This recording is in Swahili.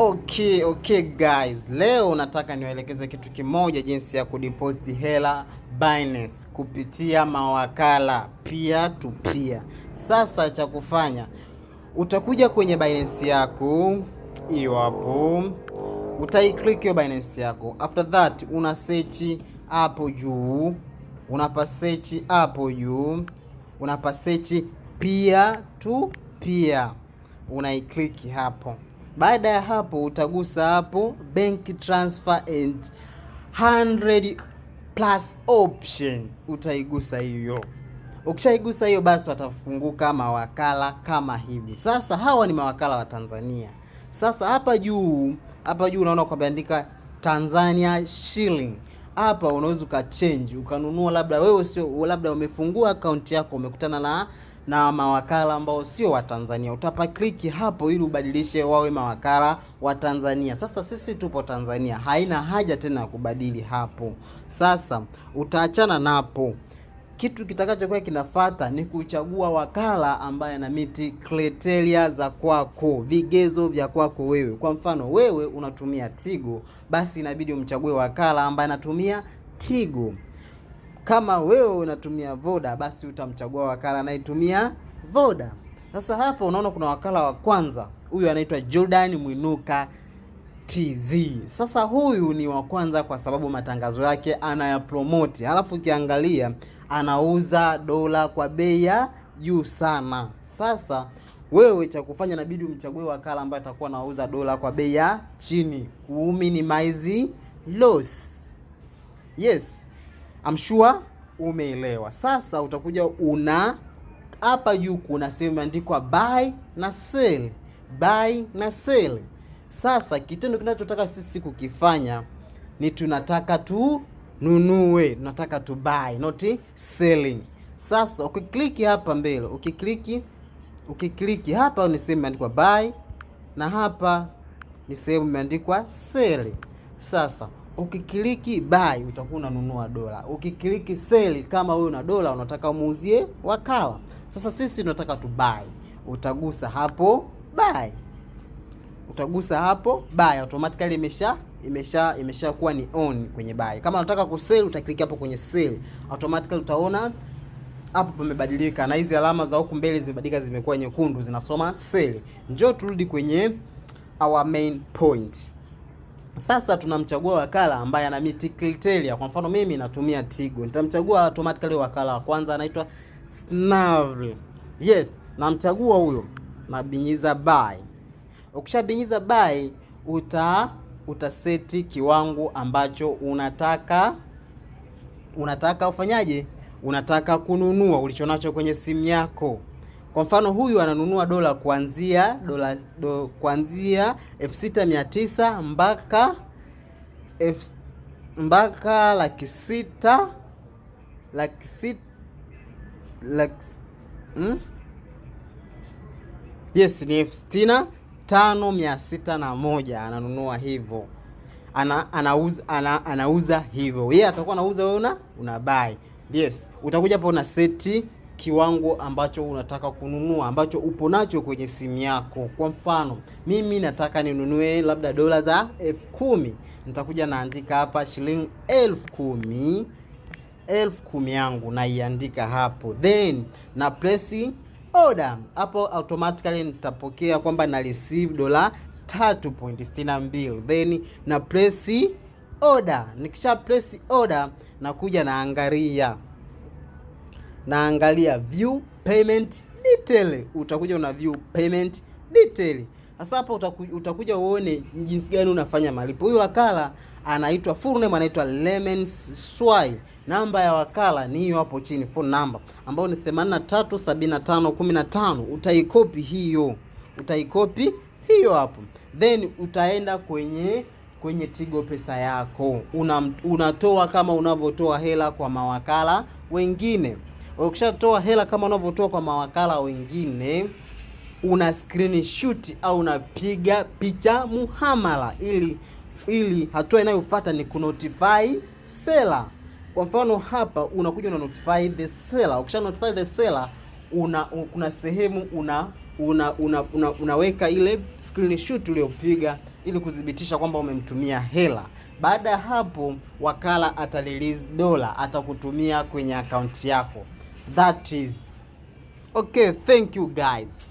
Okay, okay guys, leo nataka niwaelekeze kitu kimoja, jinsi ya kudeposit hela Binance kupitia mawakala pia tu pia. Sasa cha kufanya utakuja kwenye Binance yako, iwapo utaiclick hiyo Binance yako, after that una search hapo juu, unapa search hapo juu, unapa search pia tu pia, unaikliki hapo baada ya hapo utagusa hapo bank transfer and 100 plus option, utaigusa hiyo. Ukishaigusa hiyo, basi watafunguka mawakala kama hivi. Sasa hawa ni mawakala wa Tanzania. Sasa hapa juu, hapa juu unaona ukaandika Tanzania shilling hapa unaweza ukachange ukanunua, labda wewe sio, labda umefungua akaunti yako umekutana na na mawakala ambao sio Tanzania. Utapa click hapo ili ubadilishe wawe mawakala wa Tanzania. Sasa sisi tupo Tanzania, haina haja tena ya kubadili hapo. Sasa utaachana napo. Kitu kitakachokuwa kinafata ni kuchagua wakala ambaye anamiti kriteria za kwako, vigezo vya kwako wewe. Kwa mfano wewe unatumia Tigo, basi inabidi umchague wakala ambaye anatumia Tigo. Kama wewe unatumia Voda, basi utamchagua wakala anayetumia Voda. Sasa hapa unaona kuna wakala wa kwanza, huyu anaitwa Jordan Mwinuka TZ. Sasa huyu ni wa kwanza kwa sababu matangazo yake anayapromoti, alafu ukiangalia anauza dola kwa bei ya juu sana. Sasa wewe cha kufanya, inabidi umchague wakala ambaye atakuwa anauza dola kwa bei ya chini, kuminimize loss. Yes. I'm sure umeelewa. Sasa utakuja una hapa juu kuna sehemu imeandikwa buy na sell, buy na sell. Sasa kitendo kinachotaka sisi kukifanya ni tunataka tununue, tunataka tu buy not selling. Sasa ukikliki hapa mbele, ukikliki ukikliki hapa ni sehemu imeandikwa buy na hapa ni sehemu imeandikwa sell. Sasa ukikiliki buy utakuwa unanunua dola, ukikiliki sell kama wewe una dola unataka muuzie wakala. Sasa sisi tunataka tu buy, utagusa hapo buy, utagusa hapo buy, automatically imesha imesha imeshakuwa ni on kwenye buy. Kama unataka sell utakiliki hapo kwenye sell, automatically utaona hapo pamebadilika, na hizi alama za huku mbele zimebadilika, zimekuwa nyekundu, zinasoma sell. Njoo turudi kwenye our main point. Sasa tunamchagua wakala ambaye ana meet criteria. Kwa mfano mimi natumia Tigo, nitamchagua automatically wakala wa kwanza anaitwa Snavel. Yes, namchagua huyo, nabinyiza buy. Ukishabinyiza buy, uta utaseti kiwango ambacho unataka unataka ufanyaje, unataka kununua ulichonacho kwenye simu yako. Kwa mfano huyu ananunua dola kuanzia dola do, kuanzia 6900 mpaka F, mpaka laki sita laki sita laki hmm? Yes, ni elfu sitini na tano mia sita na moja ananunua hivyo ana, anauza, ana, anauza hivyo yeye, yeah, atakuwa anauza wewe una buy. Yes, utakuja hapo na seti kiwango ambacho unataka kununua ambacho upo nacho kwenye simu yako. Kwa mfano, mimi nataka ninunue labda dola za elfu kumi. Nitakuja naandika hapa shilingi elfu kumi, elfu kumi yangu naiandika hapo, then na press order hapo, automatically nitapokea kwamba na receive dola 3.62 then na press order. Nikisha press order, nakuja naangalia naangalia view payment detail, utakuja una view payment detail. Sasa hapa utakuja uone jinsi gani unafanya malipo. Huyu wakala anaitwa full name anaitwa Lemens Swai. Namba ya wakala ni hiyo hapo chini, phone number ambayo ni 837515 utaikopi hiyo, utaikopi hiyo hapo, then utaenda kwenye kwenye Tigo Pesa yako una, unatoa kama unavyotoa hela kwa mawakala wengine. Ukishatoa hela kama unavyotoa kwa mawakala wengine, una screenshot au unapiga picha muhamala, ili ili hatua inayofuata ni kunotify seller. Kwa mfano hapa unakuja una notify the seller. Ukisha notify the seller, una kuna sehemu una una, una, una unaweka ile screenshot uliyopiga ili kudhibitisha kwamba umemtumia hela. Baada ya hapo, wakala atarelease dola, atakutumia kwenye akaunti yako that is okay thank you guys